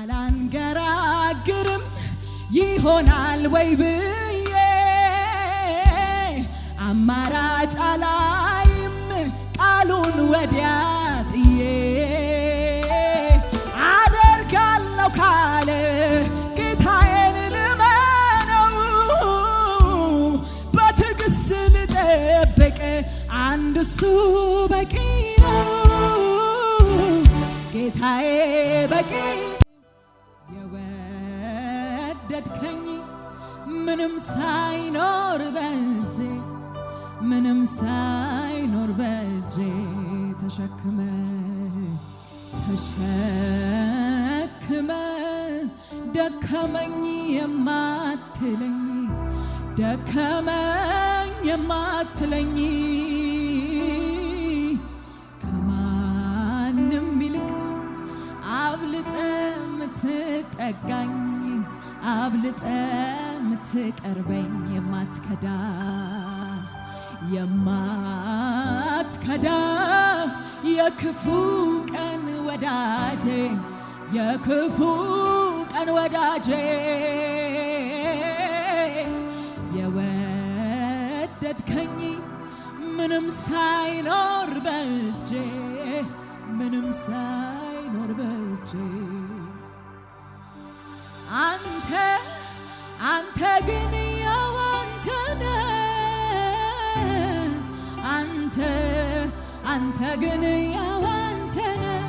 አላንገራግርም ይሆናል ወይ ብዬ አማራጭ አላይም ቃሉን ወዲያ ጥዬ አደርጋለሁ ካለ ጌታዬን ልመነው በትዕግስት ልጠበቀ አንድ እሱ በቂ ነው ጌታዬ በቂ ወደድከኝ ምንም ሳይኖር በእጄ ምንም ሳይኖር በእጄ ተሸክመ ተሸክመ ደከመኝ የማትለኝ ደከመኝ የማትለኝ ከማንም ይልቅ አብልጠ ምትጠጋኝ አብልጠ ምትቀርበኝ የማትከዳ የማትከዳ የክፉ ቀን ወዳጄ የክፉ ቀን ወዳጄ የወደድከኝ ምንም ሳይኖር በእጄ ምንም ሳይኖር በእጄ አንተ አንተ ግን ያው አንተ ነህ አንተ አንተ ግን ያው አንተ ነህ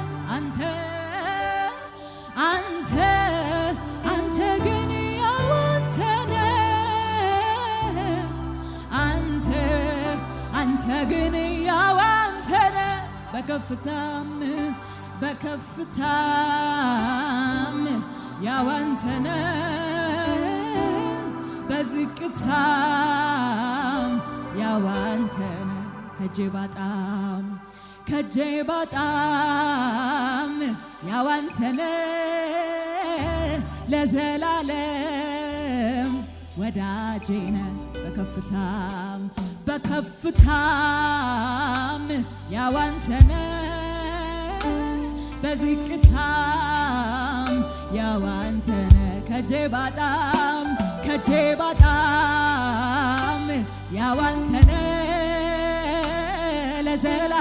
አንተ አንተ አንተ ግን ያው አንተ ነህ አንተ አንተ ግን ያው አንተ ነህ በከፍታም በከፍታም ያው አንተነ በዝቅታም ያው አንተነ ከጄ ባጣም ከጄ ባጣም ያው ለዘላለም ወዳጄነ በከፍታም በከፍታም ያው በዝቅታም ያው አንተነ ከጄ ባጣም ከጄ ባጣም ያው ለዘላለም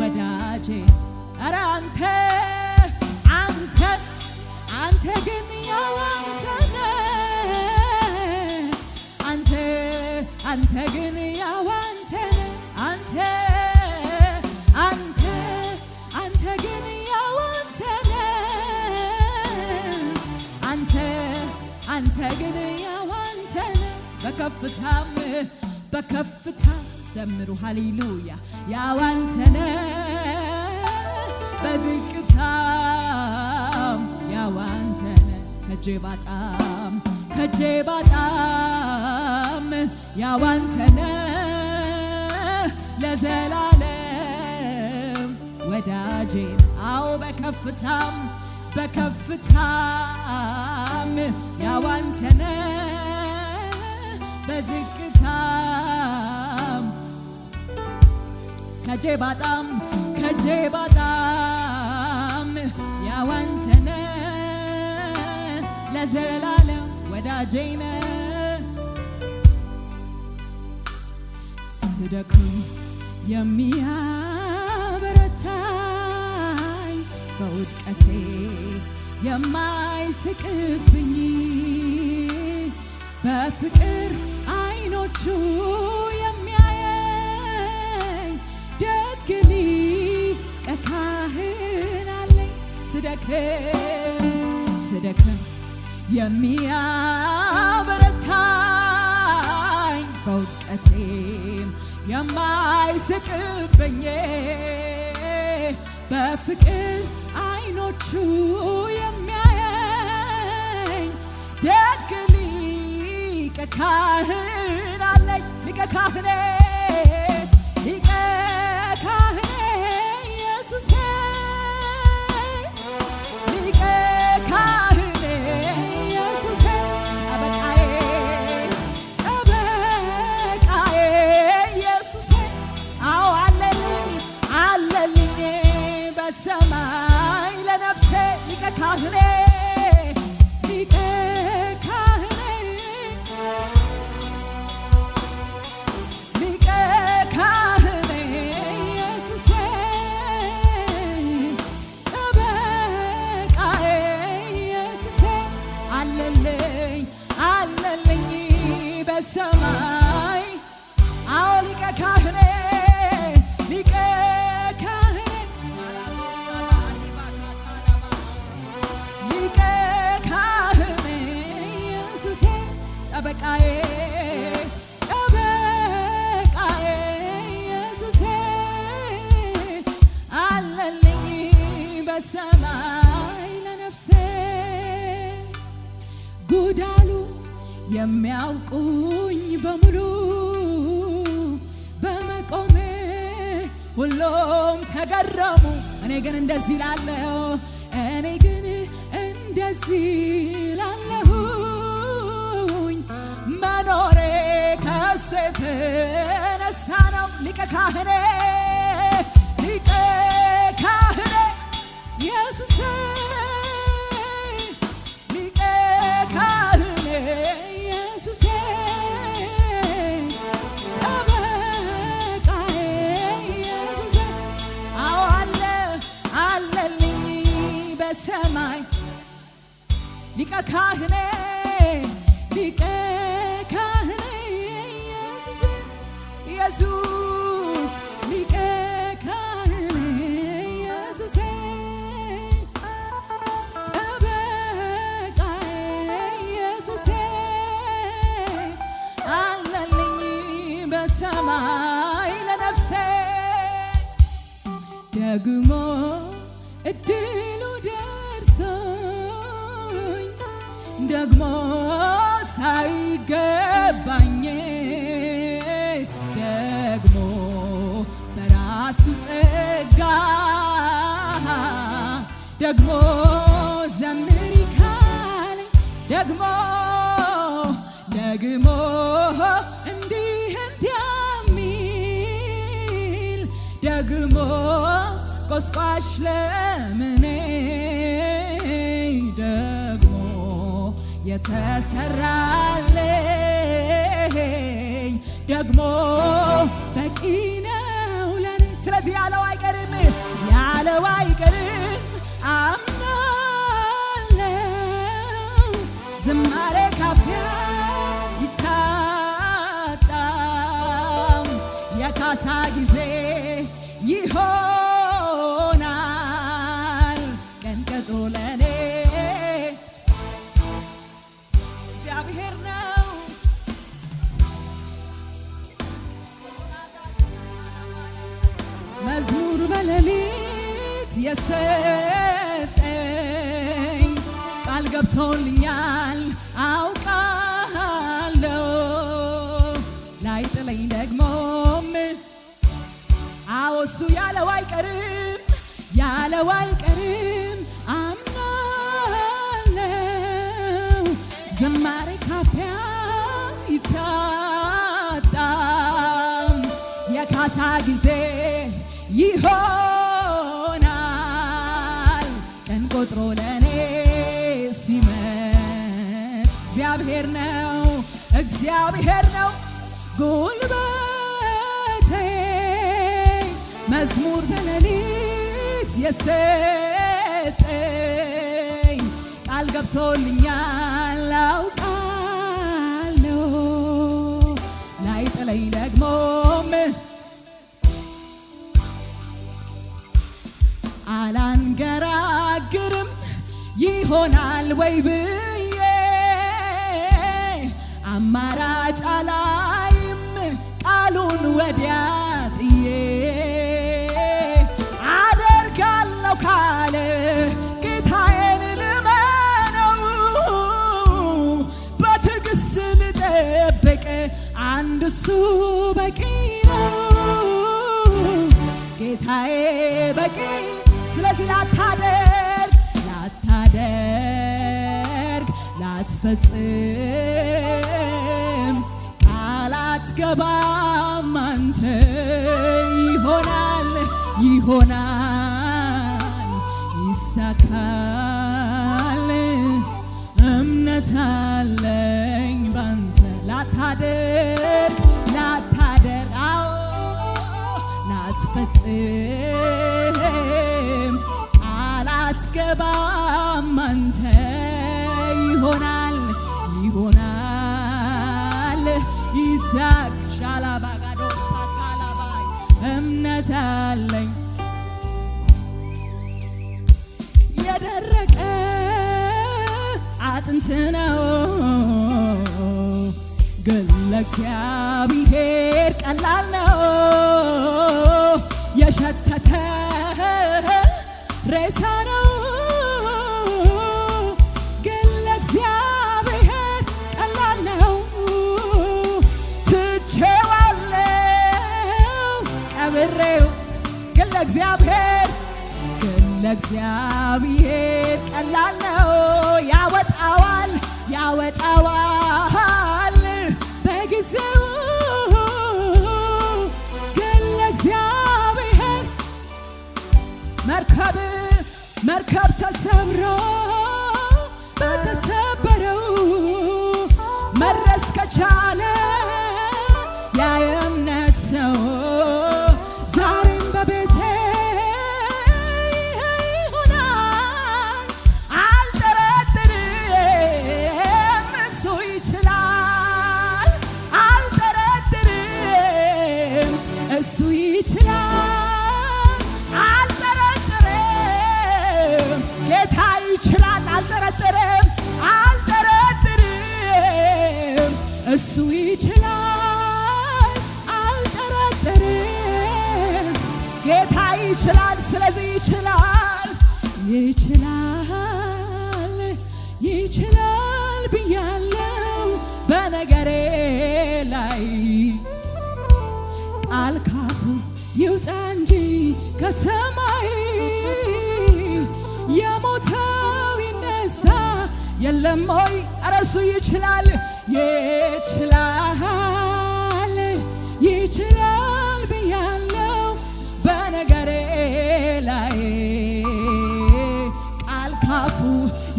ወዳጄ ኧረ አንተ አንተ አንተ ግን በከፍታም በከፍታ ዘምሩ ሃሌሉያ ያው አንተነ በዝቅታም ያው ከጄ ባጣም ከጄ ባጣም ያው ለዘላለም አው በከፍታም በከፍታም ያው በዝቅታም ከጄ ባጣም ከጄ ባጣም ያዋንተነ ለዘላለም ወዳጄነ ስደክም የሚያበረታኝ በውድቀቴ የማይስቅብኝ በፍቅር አይኖቹ የሚያየኝ ደግ ሊቀ ካህን አለኝ። ስደክም ስደክም የሚያበረታኝ በውድቀቴም የማይስቅብኝ በፍቅር አይኖቹ የሚያየኝ ደግ ሊቀ ካህን ሊቀ ካህኔ ሊቀ ካህኔ ከሰማይ ለነፍሴ ጉዳሉ የሚያውቁኝ በሙሉ በመቆሜ ሁሉም ተገረሙ። እኔ ግን እንደዚህ ላለሁ እኔ ግን እንደዚህ ላለሁኝ መኖሬ ከሱ የተነሳ ነው ሊቀ ካህኔ ካህኔ ሊቀ ካህኔ ኢየሱስ ኢየሱስ ሊቀ ካህኔ ኢየሱስ ጠበቃዬ ኢየሱስ አለልኝ በሰማይ ለነፍሴ ደግሞ እድ ደግሞ ሳይገባኝ ደግሞ በራሱ ጸጋ ደግሞ ዘምሪ ካለኝ ደግሞ ደግሞ እንዲህ እንዲያሚል ደግሞ ቆስቋሽ ለምኔ የተሰራልኝ ደግሞ በቂ ነው ለኔ። ስለዚህ ያለው አይቀርም ያለው አይቀርም አይቀርም ያለው አይቀርም አምናለው ዝማሬ ካፊያ ይታጣም የካሳ ጊዜ ይሆናል ቀን ቆጥሮ ለእኔ ሲመር እግዚአብሔር ነው እግዚአብሔር ነው ጉልበ ነውር በሌሊት የሰጠኝ ቃል ገብቶልኛል አውቃለሁ ጥለኝ ደግሞም አላንገራግርም ይሆናል ወይ ብዬ አማራጭ አላይም ቃሉን ወዲያ እሱ በቂ ነው ጌታዬ በቂ ስለዚህ ላታደርግ ላታደርግ ላትፈጽም ቃላት ገባም አንተ ይሆናል ይሆናል ይሳካል እምነት አለኝ ባንተ ላታደርግ አትፈጽም አላትገባም አንተ ይሆናል ይሆናል ይሳቅ ሻላባጋዶ ሳታላባይ እምነት አለኝ የደረቀ አጥንት ነው ገለ እግዚአብሔር ቀላል ነው ግን ለእግዚአብሔር ቀላል ነው። ያወጣዋል ያወጣዋል በጊዜው ግን ለእግዚአብሔር መርከብ መርከብ ተሰምሮ ይችላል ይችላል ብያለው በነገሬ ላይ ቃል ካፍ ይውጣ እንጂ ከሰማይ የሞተው ይነሳ የለም ሆይ እረሱ ይችላል ይችላል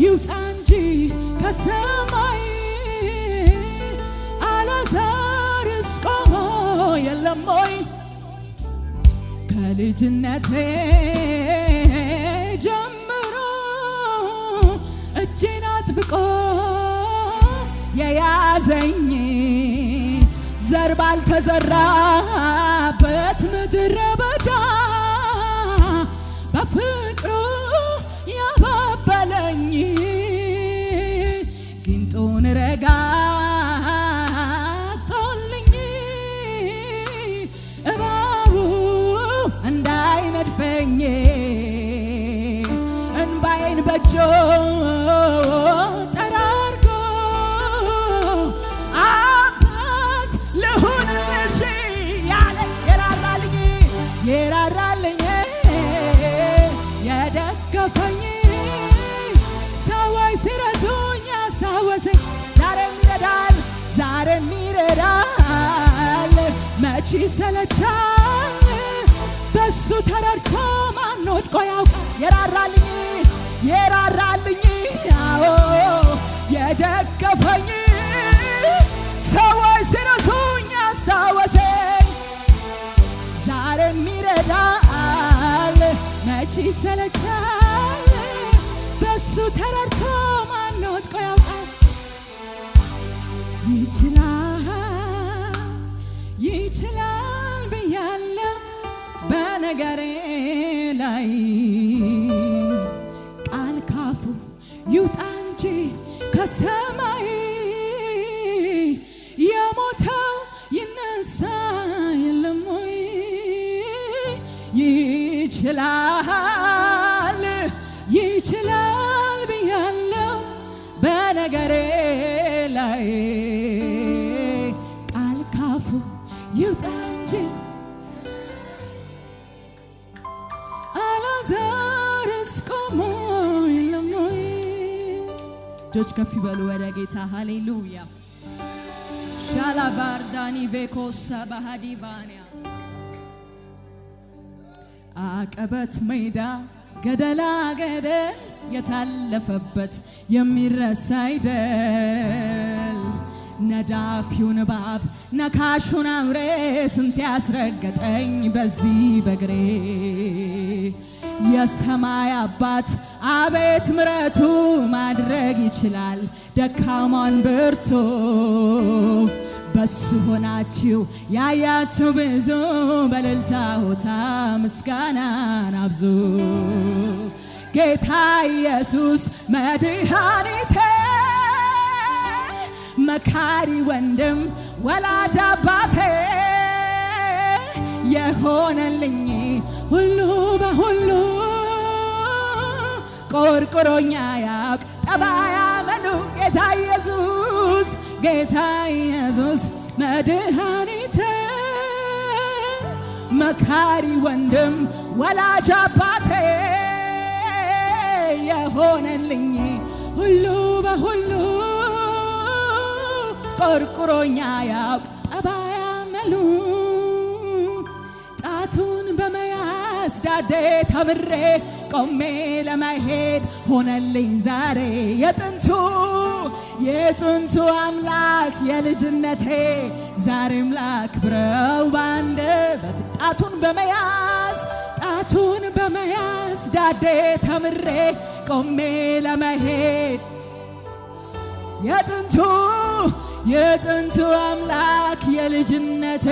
ይውጣ እንጂ ከሰማይ አላዛር እስቆሞ የለም ወይ ከልጅነቴ ጀምሮ እጄን አጥብቆ የያዘኝ ዘር ባልተዘራበት ምድረ በዳ ጠራርጎ አባት ልሁንልሽ የራራልኝ የራራልኝ የደገፈኝ ሰዎች ሲረሱኝ ያስታወሰኝ ይረዳል ዛሬም ይረዳል መቼ ሰለቻል በሱ ተረድቶ ማን ወድቆ ያውቃል የራራልኝ የራራልኝ አዎ የደገፈኝ ሰዎች ሲረሱኝ አስታወሰኝ ዛሬ የሚረዳል መች ይሰለቻል በሱ ተረድቶ ማን ወድቆ ያውቃል ይችላል ይችላል ብያለሁ በነገሬ ላይ ይውጣ እንጂ አላዛርስ ቆሞ የለም ወይ? እጆች ከፍ በሉ ወደ ጌታ ሃሌሉያ። ሻላ ባርዳኒ ቤኮሳ ባንያ አቀበት ሜዳ ገደላ ገደል የታለፈበት የሚረሳ አይደል ነዳፊውን እባብ ነካሹን አምሬ ስንት ያስረገጠኝ በዚህ በግሬ የሰማይ አባት አቤት ምረቱ ማድረግ ይችላል ደካማን ብርቱ። በሱ ሆናችሁ ያያችሁ ብዙ በእልልታ ሆታ ምስጋናን አብዙ ጌታ ኢየሱስ መድኃኒቴ መካሪ ወንድም ወላጅ አባቴ የሆነልኝ ሁሉ በሁሉ ቆርቆሮኛ ያውቅ ጠባያ መኑ ጌታ ኢየሱስ ጌታ ኢየሱስ መድኃኒቴ መካሪ ወንድም ወላጅ አባቴ የሆነልኝ ሁሉ በሁሉ ቆርቁሮኛ ያውቅ ጠባያ መሉ ጣቱን በመያዝ ዳዴ ተምሬ ቆሜ ለመሄድ ሆነልኝ ዛሬ የጥንቱ የጥንቱ አምላክ የልጅነቴ ዛሬም ላክብረው ባንደበት ጣቱን በመያዝ ጣቱን በመያዝ ዳዴ ተምሬ ቆሜ ለመሄድ የጥንቱ የጥንቱ አምላክ የልጅነቴ